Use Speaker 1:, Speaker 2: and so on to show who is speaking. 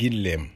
Speaker 1: gilleem